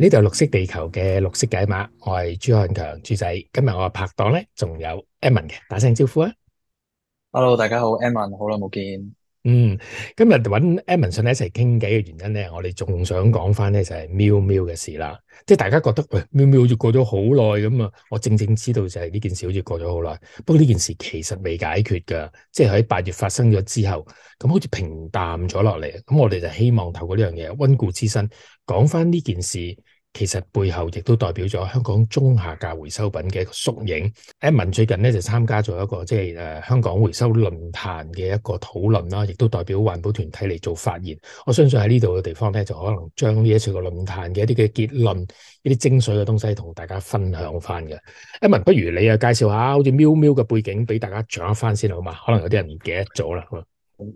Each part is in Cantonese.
呢度係綠惜地球嘅綠色解碼，我係朱漢強朱仔。今日我嘅拍檔咧，仲有 Edmond 嘅，打聲招呼啊！Hello，大家好，Edmond 好耐冇見。嗯，今日揾 Edmond 上嚟咧一齊傾偈嘅原因咧，我哋仲想講翻咧就係、是、喵喵嘅事啦。即係大家覺得喂、哎，喵喵好似過咗好耐咁啊！我正正知道就係呢件事好似過咗好耐。不過呢件事其實未解決噶，即係喺八月發生咗之後，咁好似平淡咗落嚟。咁我哋就希望透過呢樣嘢溫故知新，講翻呢件事。其實背後亦都代表咗香港中下價回收品嘅一個縮影。阿文最近咧就參加咗一個即係誒香港回收論壇嘅一個討論啦，亦都代表環保團體嚟做發言。我相信喺呢度嘅地方咧，就可能將呢一次嘅論壇嘅一啲嘅結論、一啲精髓嘅東西同大家分享翻嘅。阿文，不如你啊介紹下好似喵喵嘅背景俾大家講一翻先好嘛？可能有啲人唔記得咗啦。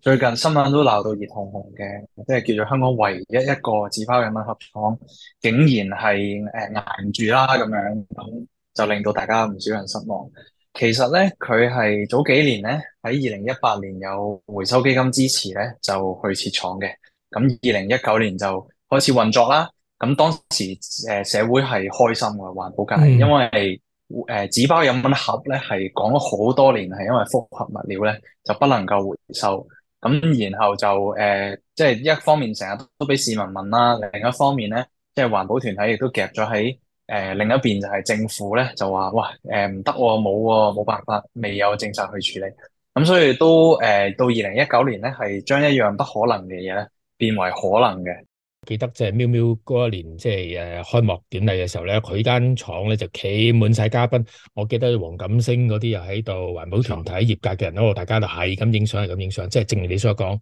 最近新聞都鬧到熱烘烘嘅，即係叫做香港唯一一個紙包飲品盒廠，竟然係誒捱唔住啦咁樣，咁就令到大家唔少人失望。其實咧，佢係早幾年咧喺二零一八年有回收基金支持咧，就去設廠嘅。咁二零一九年就開始運作啦。咁當時誒社會係開心嘅環保界，嗯、因為。誒紙、呃、包飲品盒咧係講咗好多年，係因為複合物料咧就不能夠回收。咁然後就誒即係一方面成日都俾市民問啦，另一方面咧即係環保團體亦都夾咗喺誒另一邊就係政府咧就話哇誒唔得喎，冇喎，冇辦法，未有政策去處理，咁所以都誒、呃、到二零一九年咧係將一樣不可能嘅嘢咧變為可能嘅。記得即係喵喵嗰一年，即係誒開幕典禮嘅時候咧，佢間廠咧就企滿晒嘉賓。我記得黃錦星嗰啲又喺度，環保團體、業界嘅人喺度，大家都係咁影相，係咁影相。即係正如你所講，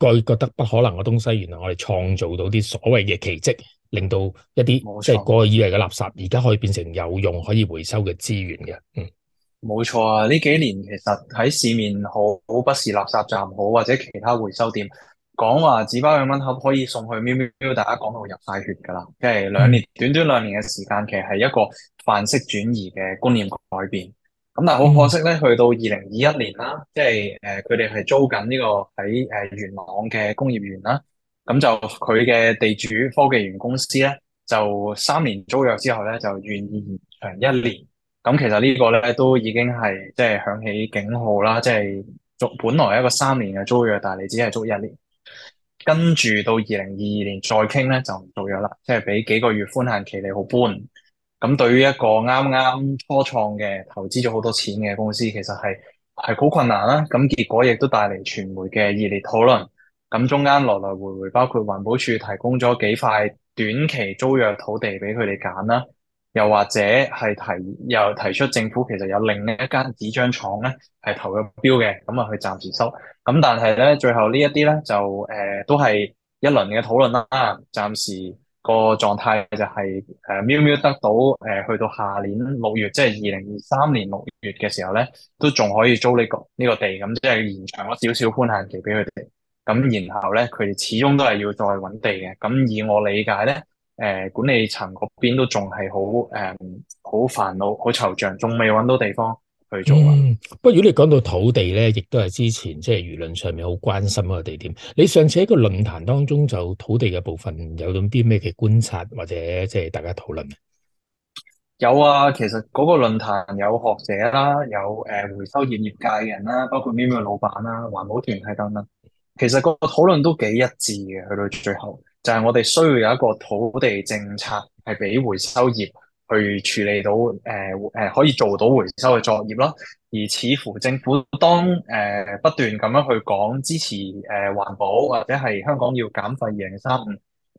覺覺得不可能嘅東西，原來我哋創造到啲所謂嘅奇跡，令到一啲即係過去以為嘅垃圾，而家可以變成有用、可以回收嘅資源嘅。嗯，冇錯啊！呢幾年其實喺市面好，不是垃圾站好，或者其他回收店。講話紙包兩蚊盒可以送去喵喵，喵，大家講到入晒血㗎啦。即係兩年、嗯、短短兩年嘅時間，其實係一個範式轉移嘅觀念改變。咁但係好可惜咧，去到二零二一年啦，即係誒佢哋係租緊呢個喺誒元朗嘅工業園啦。咁就佢嘅地主科技園公司咧，就三年租約之後咧，就願意延長一年。咁其實個呢個咧都已經係即係響起警號啦，即係本來一個三年嘅租約，但係你只係租一年。跟住到二零二二年再傾咧就唔做約啦，即係俾幾個月寬限期你好搬。咁對於一個啱啱初創嘅投資咗好多錢嘅公司，其實係係好困難啦。咁結果亦都帶嚟傳媒嘅熱烈討論。咁中間來來回回，包括環保署提供咗幾塊短期租約土地俾佢哋揀啦。又或者係提又提出政府其實有另一間紙張廠咧，係投咗標嘅，咁啊去暫時收。咁但係咧，最後呢、呃、一啲咧就誒都係一輪嘅討論啦。暫時個狀態就係誒喵喵得到誒、呃，去到下年六月，即係二零二三年六月嘅時候咧，都仲可以租呢、呢個呢、呢個地，咁即係延長咗少少寬限期俾佢哋。咁然後咧，佢哋始終都係要再揾地嘅。咁以我理解咧。誒，管理層嗰邊都仲係好誒，好煩惱，好惆悵，仲未揾到地方去做。嗯、不過如果你講到土地咧，亦都係之前即係輿論上面好關心嗰個地點。你上次喺個論壇當中就土地嘅部分有咁啲咩嘅觀察或者即係大家討論？有啊，其實嗰個論壇有學者啦，有誒回收業業界嘅人啦，包括啲咩老闆啦、環保團體等等。其實個討論都幾一致嘅，去到最後。就係我哋需要有一個土地政策，係俾回收業去處理到誒誒、呃，可以做到回收嘅作業咯。而似乎政府當誒、呃、不斷咁樣去講支持誒環、呃、保，或者係香港要減廢、二零三五，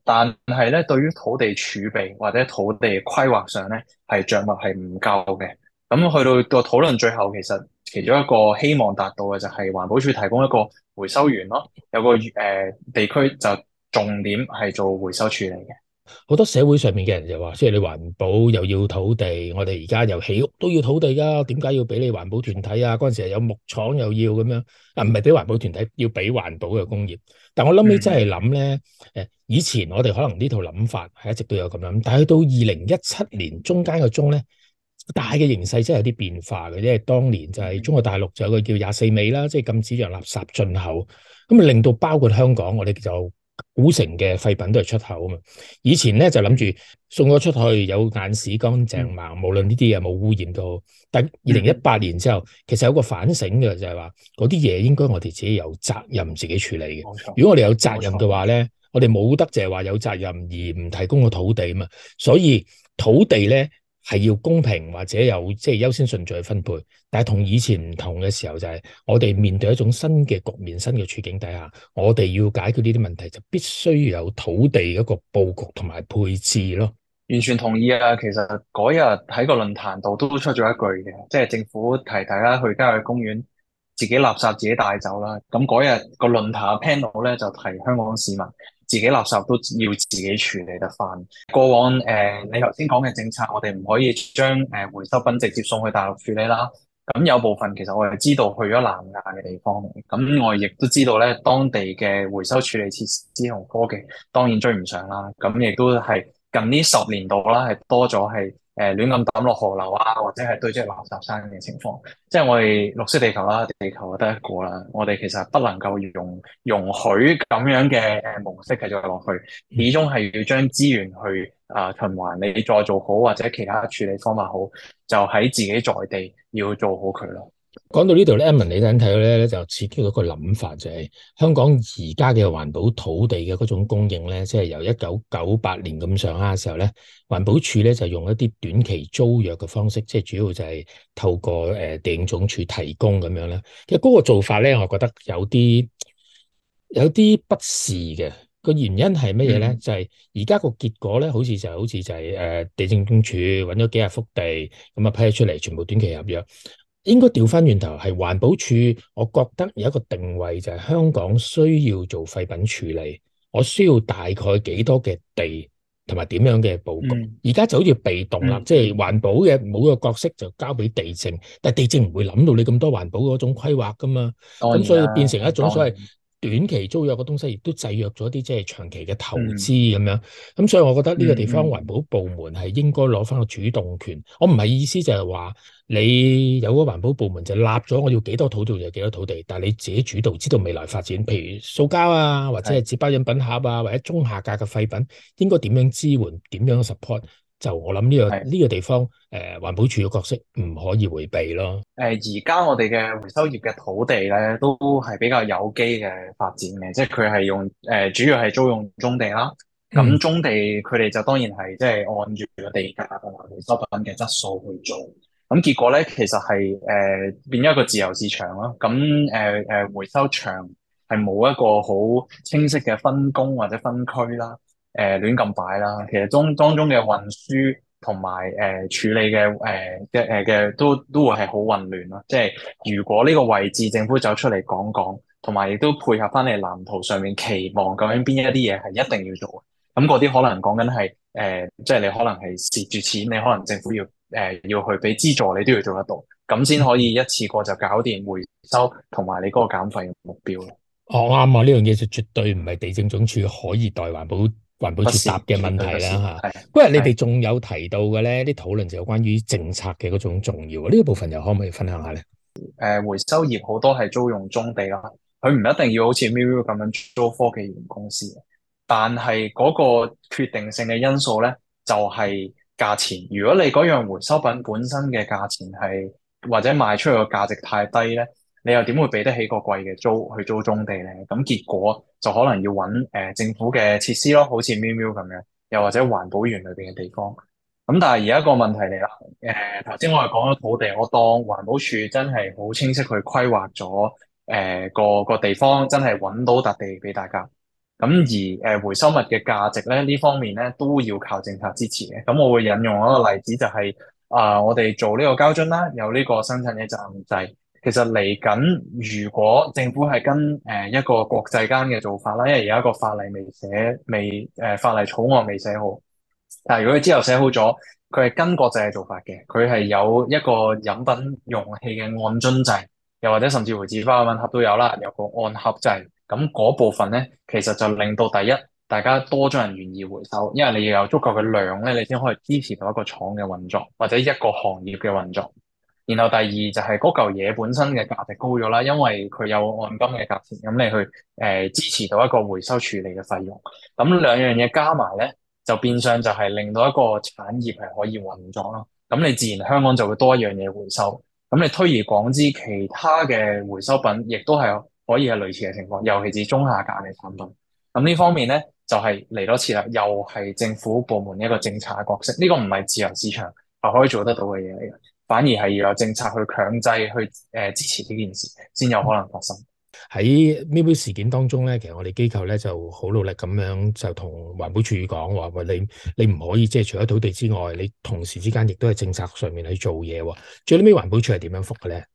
但係咧對於土地儲備或者土地規劃上咧係着墨係唔夠嘅。咁去到個討論最後，其實其中一個希望達到嘅就係環保署提供一個回收園咯，有個誒、呃、地區就。重點係做回收處理嘅，好多社會上面嘅人就話，即係你環保又要土地，我哋而家又起屋都要土地噶，點解要俾你環保團體啊？嗰陣時有木廠又要咁樣，啊，唔係俾環保團體，要俾環保嘅工業。但我諗起真係諗咧，誒、嗯，以前我哋可能呢套諗法係一直都有咁樣，但係到二零一七年中間嘅中咧，大嘅形勢真係有啲變化嘅，因為當年就係中國大陸就有個叫廿四味啦，即、就、係、是、禁止洋垃圾進口，咁令到包括香港，我哋就。古城嘅廢品都係出口嘛！以前呢，就諗住送咗出去有眼屎乾淨嘛，無論呢啲嘢有冇污染都好。但二零一八年之後，其實有個反省嘅就係話嗰啲嘢應該我哋自己有責任自己處理。如果我哋有責任嘅話呢，冇錯，我哋冇得淨係話有責任而唔提供個土地嘛。所以土地呢，係要公平，或者有即係優先順序去分配，但係同以前唔同嘅時候就係我哋面對一種新嘅局面、新嘅處境底下，我哋要解決呢啲問題就必須有土地一個佈局同埋配置咯。完全同意啊！其實嗰日喺個論壇度都出咗一句嘅，即係政府提大家去郊野公園自己垃圾自己帶走啦。咁嗰日個論壇嘅 panel 咧就提香港市民。自己垃圾都要自己處理得翻。過往誒、呃，你頭先講嘅政策，我哋唔可以將誒回收品直接送去大陸處理啦。咁有部分其實我哋係知道去咗南亞嘅地方，咁我亦都知道咧當地嘅回收處理設施同科技當然追唔上啦。咁亦都係近呢十年度啦，係多咗係。誒亂咁抌落河流啊，或者係堆積垃圾山嘅情況，即係我哋綠色地球啦，地球得一個啦，我哋其實不能夠容容許咁樣嘅誒模式繼續落去，始終係要將資源去啊循環，你再做好或者其他處理方法好，就喺自己在地要做好佢咯。講到呢度咧，Emman 你最近睇到咧，就涉及到個諗法就係、是、香港而家嘅環保土地嘅嗰種供應咧，即係由一九九八年咁上下嘅時候咧，環保署咧就用一啲短期租約嘅方式，即係主要就係透過誒、呃、地政總署提供咁樣咧。其實嗰個做法咧，我覺得有啲有啲不是嘅。個原因係乜嘢咧？嗯、就係而家個結果咧，好似就係、是、好似就係、是、誒、呃、地政總署搵咗幾十幅地，咁啊批咗出嚟，全部短期合約。應該調翻轉頭，係環保署，我覺得有一個定位就係、是、香港需要做廢品處理，我需要大概幾多嘅地，同埋點樣嘅布局。而家、嗯、就好似被動啦，嗯、即係環保嘅每一個角色就交俾地政，但係地政唔會諗到你咁多環保嗰種規劃噶嘛，咁所以變成一種所謂。短期租約嘅東西，亦都制約咗啲即係長期嘅投資咁、嗯、樣。咁所以，我覺得呢個地方環保部門係應該攞翻個主動權。嗯嗯、我唔係意思就係話你有個環保部門就立咗，我要幾多土地就幾多土地。但係你自己主導，知道未來發展，譬如塑膠啊，或者係紙包飲品盒啊，或者中下價嘅廢品，應該點樣支援，點樣 support？就我諗呢、呢個呢的個地方，誒、呃、環保署嘅角色唔可以迴避咯。誒而家我哋嘅回收業嘅土地咧，都係比較有機嘅發展嘅，即係佢係用誒、呃、主要係租用棕地啦。咁棕地佢哋就當然係即係按住個地價同埋回收品嘅質素去做。咁結果咧，其實係誒、呃、變咗一個自由市場咯。咁誒誒回收場係冇一個好清晰嘅分工或者分區啦。誒，亂咁擺啦，其實中當中嘅運輸同埋誒處理嘅誒嘅誒嘅都都會係好混亂咯。即係如果呢個位置政府走出嚟講講，同埋亦都配合翻，你藍圖上面期望，究竟邊一啲嘢係一定要做嘅，咁嗰啲可能講緊係誒，即係你可能係蝕住錢，你可能政府要誒、呃、要去俾資助，你都要做得到，咁先可以一次過就搞掂回收同埋你嗰個減廢嘅目標咯。哦啱啊，呢樣嘢就絕對唔係地政總署可以代環保。環保接達嘅問題啦吓，嗰日你哋仲有提到嘅咧，啲討論就有關於政策嘅嗰種重要。呢個部分又可唔可以分享下咧？誒，回收業好多係租用中地啦，佢唔一定要好似 Mil Mill 咁樣租科技園公司，但係嗰個決定性嘅因素咧，就係、是、價錢。如果你嗰樣回收品本身嘅價錢係或者賣出去個價值太低咧，你又點會俾得起個貴嘅租去租宗地咧？咁結果就可能要揾誒、呃、政府嘅設施咯，好似喵喵咁樣，又或者環保園裏邊嘅地方。咁但係而家個問題嚟啦，誒頭先我係講咗土地，我當環保署真係好清晰去規劃咗誒個個地方，真係揾到笪地俾大家。咁而誒回收物嘅價值咧，呢方面咧都要靠政策支持嘅。咁我會引用一個例子，就是，就係啊，我哋做呢個膠樽啦，有呢個生產者責任制。其實嚟緊，如果政府係跟誒一個國際間嘅做法啦，因為有一個法例未寫，未誒、呃、法例草案未寫好。但係如果佢之後寫好咗，佢係跟國際嘅做法嘅，佢係有一個飲品容器嘅按樽制，又或者甚至乎摺花嘅混合都有啦，有個按盒制。咁嗰部分咧，其實就令到第一，大家多咗人願意回收，因為你要有足夠嘅量咧，你先可以支持到一個廠嘅運作，或者一個行業嘅運作。然後第二就係嗰嚿嘢本身嘅價值高咗啦，因為佢有按金嘅價錢，咁你去誒、呃、支持到一個回收處理嘅費用，咁兩樣嘢加埋咧，就變相就係令到一個產業係可以運作咯。咁你自然香港就會多一樣嘢回收，咁你推而廣之，其他嘅回收品亦都係可以係類似嘅情況，尤其係中下價嘅產品。咁呢方面咧就係、是、嚟多次啦，又係政府部門一個政策嘅角色，呢、這個唔係自由市場係可以做得到嘅嘢嚟嘅。反而係要有政策去強制去誒支持呢件事，先有可能發生、嗯。喺呢杯事件當中咧，其實我哋機構咧就好努力咁樣就同環保署講話，喂，你你唔可以即係除咗土地之外，你同時之間亦都係政策上面去做嘢喎。最尾環保署係點樣覆嘅咧？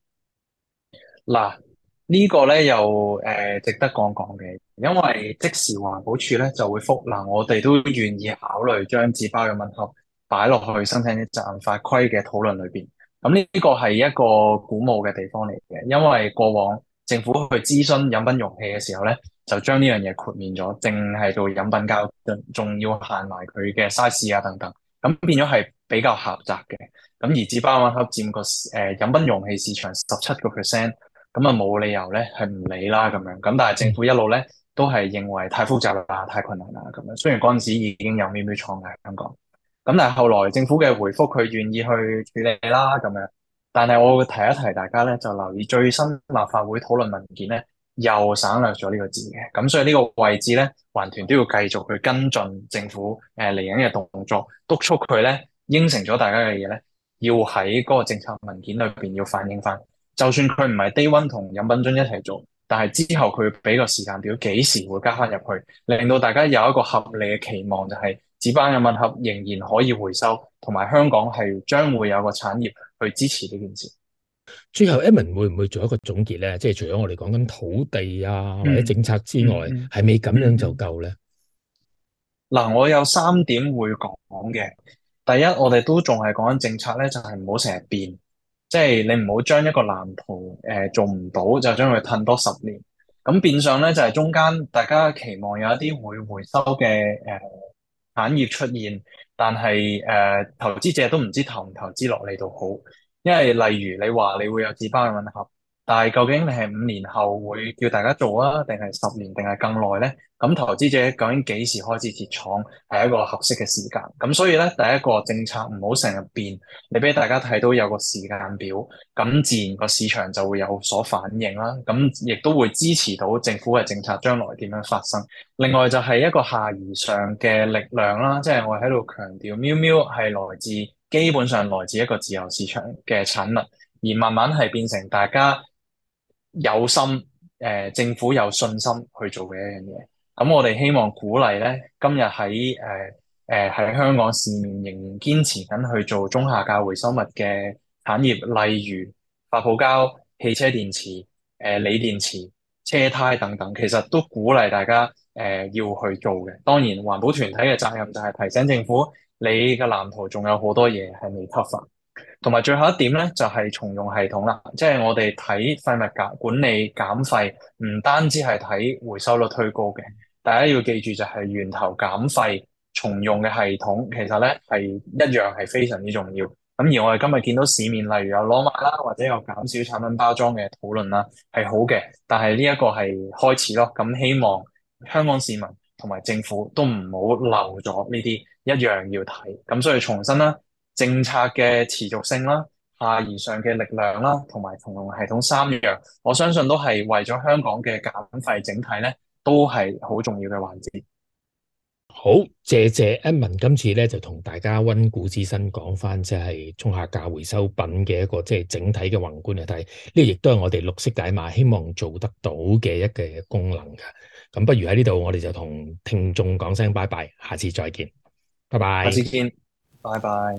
嗱，呢個咧又誒值得講講嘅，因為即時環保署咧就會覆嗱、呃，我哋都願意考慮將紙包嘅問題擺落去申請一責任法規嘅討論裏邊。咁呢個係一個鼓舞嘅地方嚟嘅，因為過往政府去諮詢飲品容器嘅時候咧，就將呢樣嘢豁免咗，淨係做飲品膠樽，仲要限埋佢嘅 size 啊等等，咁變咗係比較狹窄嘅。咁而紙包瓦盒佔個誒、呃、飲品容器市場十七個 percent，咁啊冇理由咧係唔理啦咁樣。咁但係政府一路咧都係認為太複雜啦、太困難啦咁樣。雖然嗰陣時已經有喵喵創嘅香港。咁但係後來政府嘅回覆，佢願意去處理啦咁樣。但係我提一提大家咧，就留意最新立法會討論文件咧，又省略咗呢個字嘅。咁所以呢個位置咧，環團都要繼續去跟進政府誒嚟緊嘅動作，督促佢咧應承咗大家嘅嘢咧，要喺嗰個政策文件裏邊要反映翻。就算佢唔係低溫同飲品樽一齊做，但係之後佢俾個時間表，幾時會加翻入去，令到大家有一個合理嘅期望，就係。紙板嘅混合仍然可以回收，同埋香港係將會有個產業去支持呢件事。最後 e m a n 會唔會做一個總結咧？即係除咗我哋講緊土地啊或者政策之外，係咪咁樣就夠咧？嗱，我有三點會講嘅。第一，我哋都仲係講緊政策咧，就係唔好成日變，即係你唔好將一個藍圖誒做唔到就將佢褪多十年。咁變相咧就係、是、中間大家期望有一啲會回收嘅誒。呃產業出現，但係誒、呃、投資者都唔知投唔投資落嚟度好，因為例如你話你會有紙包嘅混合。但係究竟你係五年後會叫大家做啊，定係十年定係更耐咧？咁投資者究竟幾時開始設廠係一個合適嘅時間？咁所以咧，第一個政策唔好成日變，你俾大家睇到有個時間表，咁自然個市場就會有所反應啦。咁亦都會支持到政府嘅政策將來點樣發生。另外就係一個下而上嘅力量啦，即係我喺度強調，喵喵係來自基本上來自一個自由市場嘅產物，而慢慢係變成大家。有心，誒、呃、政府有信心去做嘅一樣嘢。咁我哋希望鼓勵咧，今日喺誒誒喺香港市面仍然堅持緊去做中下價回收物嘅產業，例如發泡膠、汽車電池、誒、呃、鋰電池、車胎等等，其實都鼓勵大家誒、呃、要去做嘅。當然，環保團體嘅責任就係提醒政府，你嘅藍圖仲有好多嘢係未突破。同埋最後一點咧，就係重用系統啦，即係我哋睇廢物減管理減廢，唔單止係睇回收率推高嘅，大家要記住就係源頭減廢重用嘅系統，其實咧係一樣係非常之重要。咁而我哋今日見到市面，例如有攞賣啦，或者有減少產品包裝嘅討論啦，係好嘅。但係呢一個係開始咯，咁希望香港市民同埋政府都唔好漏咗呢啲，一樣要睇。咁所以重新啦。政策嘅持續性啦、下而上嘅力量啦，同埋同用系統三樣，我相信都係為咗香港嘅減費整體咧，都係好重要嘅環節。好，謝謝阿 n 今次咧就同大家温故知新，講翻即係沖下價回收品嘅一個即係、就是、整體嘅宏觀嚟睇，呢個亦都係我哋綠色解碼希望做得到嘅一嘅功能嘅。咁不如喺呢度，我哋就同聽眾講聲拜拜，下次再見，拜拜，下次見，拜拜。